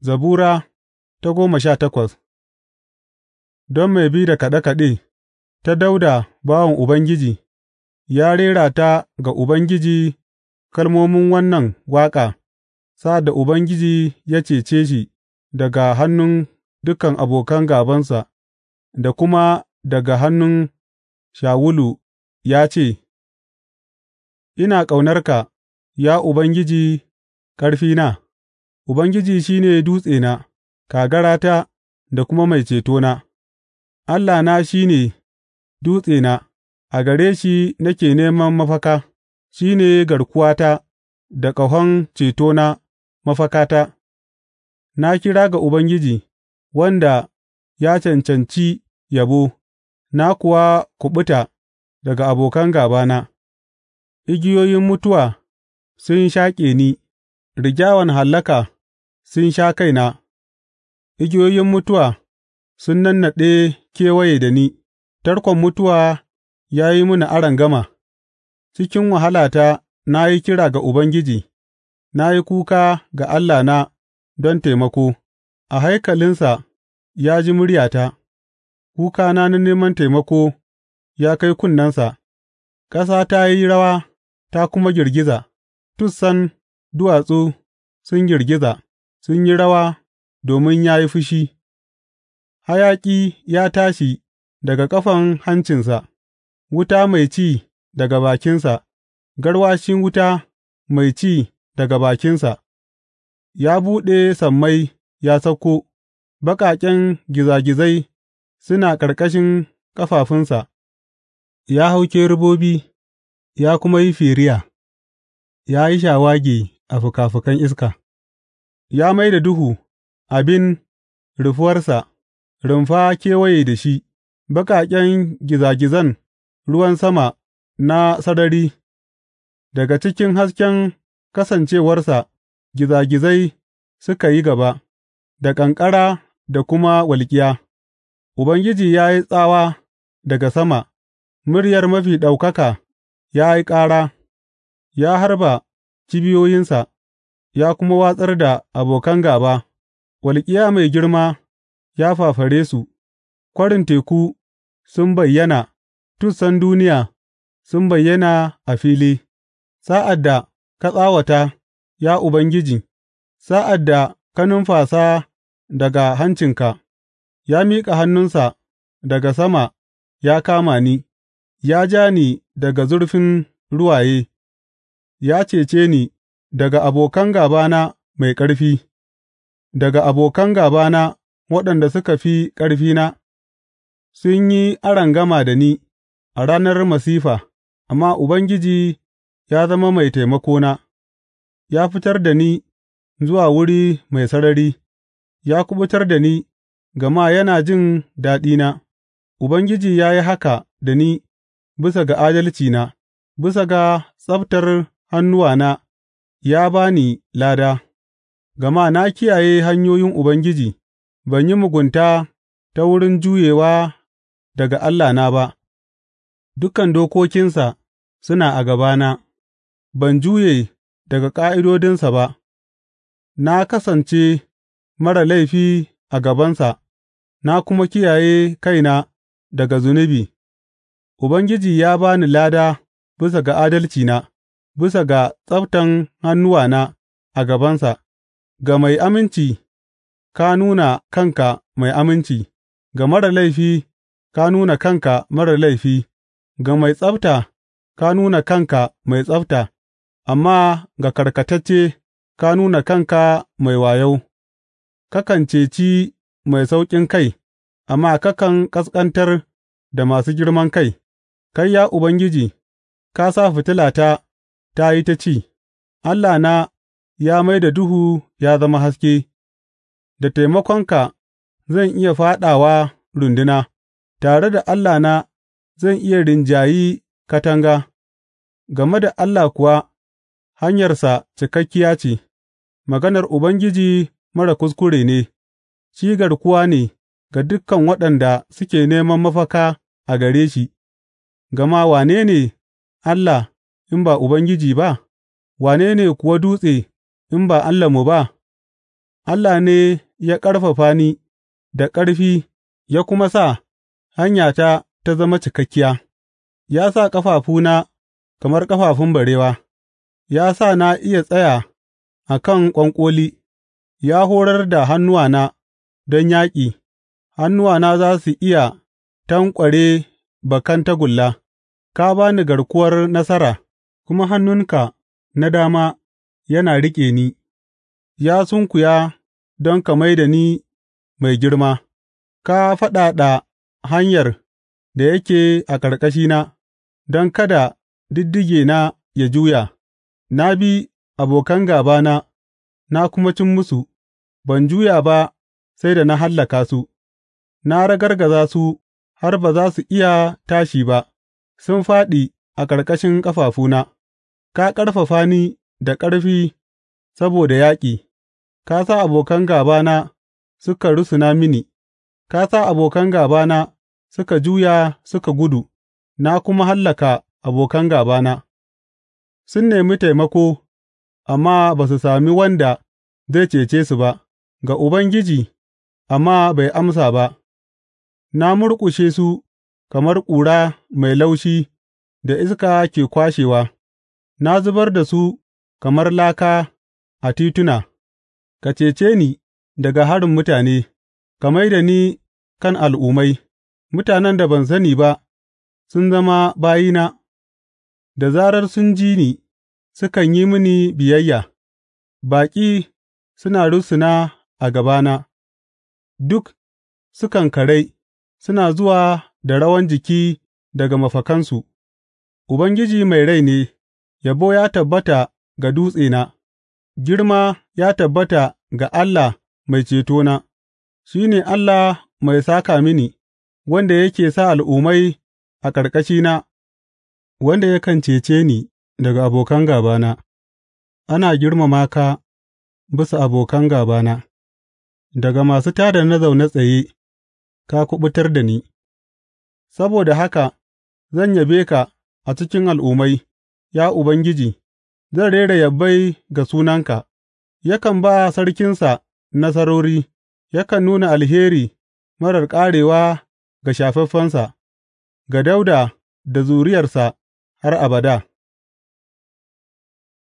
Zabura ta goma sha takwas Don mai bi da kaɗe kaɗe, ta Dauda, bawan Ubangiji, ya rera ta ga Ubangiji kalmomin wannan waƙa sa'ad da Ubangiji ya cece shi daga hannun dukan abokan gabansa da kuma daga hannun Shawulu ya ce, Ina ƙaunarka, ya Ubangiji, ƙarfina. Ubangiji shi ne dutsena, kagarata da kuma mai cetona; Allahna shi ne dutsena, a gare shi nake neman mafaka; shi ne garkuwata da ƙahon cetona mafakata, Na kira ga Ubangiji, wanda ya cancanci yabo, na kuwa kuɓuta daga abokan gābana; igiyoyin mutuwa sun shaƙe ni, rigyawan hallaka. sun sha kaina, igiyoyin mutuwa sun nannaɗe kewaye da ni, tarkon mutuwa ya yi mini gama. cikin wahalata na yi kira ga Ubangiji, na yi kuka ga Allah na don taimako, a haikalinsa ya ji muryata, kukana na neman taimako ya kai kunnensa, ƙasa ta yi rawa ta kuma girgiza, tussan duwatsu sun girgiza. sun yi rawa domin ya yi fushi; hayaƙi ya tashi daga ƙafan hancinsa, wuta mai ci daga bakinsa, garwashin wuta mai ci daga bakinsa; ya buɗe sammai ya sauko, baƙaƙen gizagizai suna ƙarƙashin ƙafafunsa; ya hau kerubobi ya kuma yi firiya, ya yi shawagi a fikafikan iska. Ya mai da duhu abin rufuwarsa, rumfa kewaye da shi, baƙaƙen gizagizan ruwan sama na sarari; daga cikin hasken kasancewarsa gizagizai suka yi gaba, da ƙanƙara da kuma walƙiya; Ubangiji ya yi tsawa daga sama, muryar Mafi Ɗaukaka ya yi ƙara, ya harba kibiyoyinsa. ya kuma watsar da abokan gāba; walƙiya mai girma ya fafare su, kwarin teku sun bayyana tussan duniya sun bayyana a fili, sa'ad da ka tsawata, ya Ubangiji, sa'ad da ka numfasa daga hancinka, ya miƙa hannunsa daga sama ya kama ni, ya ja ni daga zurfin ruwaye, ya cece ni. daga abokan gābana mai ƙarfi, daga abokan gābana waɗanda suka fi ƙarfina, sun yi arangama da ni a ranar masifa, amma Ubangiji ya zama mai taimakona, ya fitar da ni zuwa wuri mai sarari, ya kuɓutar da ni, gama yana jin daɗina. Ubangiji ya yi haka da ni bisa ga adalcina, bisa ga tsabtar hannuwana. ya ba ni lada, gama na kiyaye hanyoyin Ubangiji; ban yi mugunta ta wurin juyewa daga Allahna ba, dukan dokokinsa suna a gabana, ban juye daga ƙa'idodinsa ba, na kasance mara laifi a gabansa na kuma kiyaye kaina daga zunubi; Ubangiji ya ba ni lada bisa ga adalcina. bisa ga tsabtan hannuwana a gabansa; ga mai aminci ka nuna kanka mai aminci, ga marar laifi ka nuna kanka marar laifi, ga mai tsabta ka nuna kanka mai tsabta, amma ga karkatacce ka nuna kanka mai wayo; kakan ceci mai sauƙin kai. amma kakan ƙasƙantar da masu girman kai; kai, ya Ubangiji, ka sa fitilata. ta yi ta ce, Allahna ya mai da duhu ya zama haske, da taimakonka zan iya fāɗawa runduna, tare da Allahna zan iya rinjayi katanga, game da Allah kuwa hanyarsa cikakkiya ce, maganar Ubangiji mara kuskure ne, shi garkuwa ne ga dukan waɗanda suke neman mafaka a gare shi, gama wane ne Allah in ba Ubangiji ba, wane ne kuwa Dutse in ba Allahnmu ba, Allah ne ya ƙarfafa ni da ƙarfi ya kuma sa hanyata ta zama cikakkiya, ya sa ƙafafuna kamar ƙafafun barewa, ya sa na iya tsaya a kan ƙwanƙoli, ya horar da hannuwana don yaƙi, hannuwana za su iya tanƙware bakan tagulla, ka ba ni garkuwar nasara. kuma hannunka na dama yana riƙe ni; ya sunkuya don ka mai da ni mai girma, ka faɗaɗa hanyar da yake a ƙarƙashina don kada diddigena ya juya; na bi abokan gābana na kuma cim musu, ban juya ba sai da na hallaka su, na ragargaza su har ba za su iya tashi ba; sun fāɗi a ƙarƙashin ƙafafuna. Ka ƙarfafa ni da ƙarfi saboda yaƙi; ka sa abokan gābana suka rusuna mini, ka sa abokan gābana suka juya suka gudu na kuma hallaka abokan gābana; sun nemi taimako amma ba su sami wanda zai cece su ba, ga Ubangiji amma bai amsa ba, na murƙushe su kamar ƙura mai laushi da iska ke kwashewa. Na zubar da su kamar laka a tituna; ka cece ni daga harin mutane, ka mai da ni kan al'ummai, mutanen da ban sani ba sun zama bayina, da zarar sun ji ni sukan yi mini biyayya, baƙi suna rusuna a gabana, duk sukan karai, suna zuwa da rawan jiki daga mafakansu; Ubangiji mai rai ne. Yabo ya tabbata ga Dutsena, girma ya tabbata ga Allah Mai cetona; shi ne Allah mai sāka mini, wanda yake sa al'ummai a ƙarƙashina, wanda yakan cece ni daga abokan gābana. Ana girmama ka bisa abokan gābana; daga masu tada na zaune tsaye ka kuɓutar da ni; saboda haka zan yabe ka a cikin al'ummai. ya Ubangiji; zan rera yabai ga sunanka, yakan ba Sarkinsa nasarori, yakan nuna alheri marar ƙarewa ga shafaffensa, ga Dawuda da zuriyarsa har abada.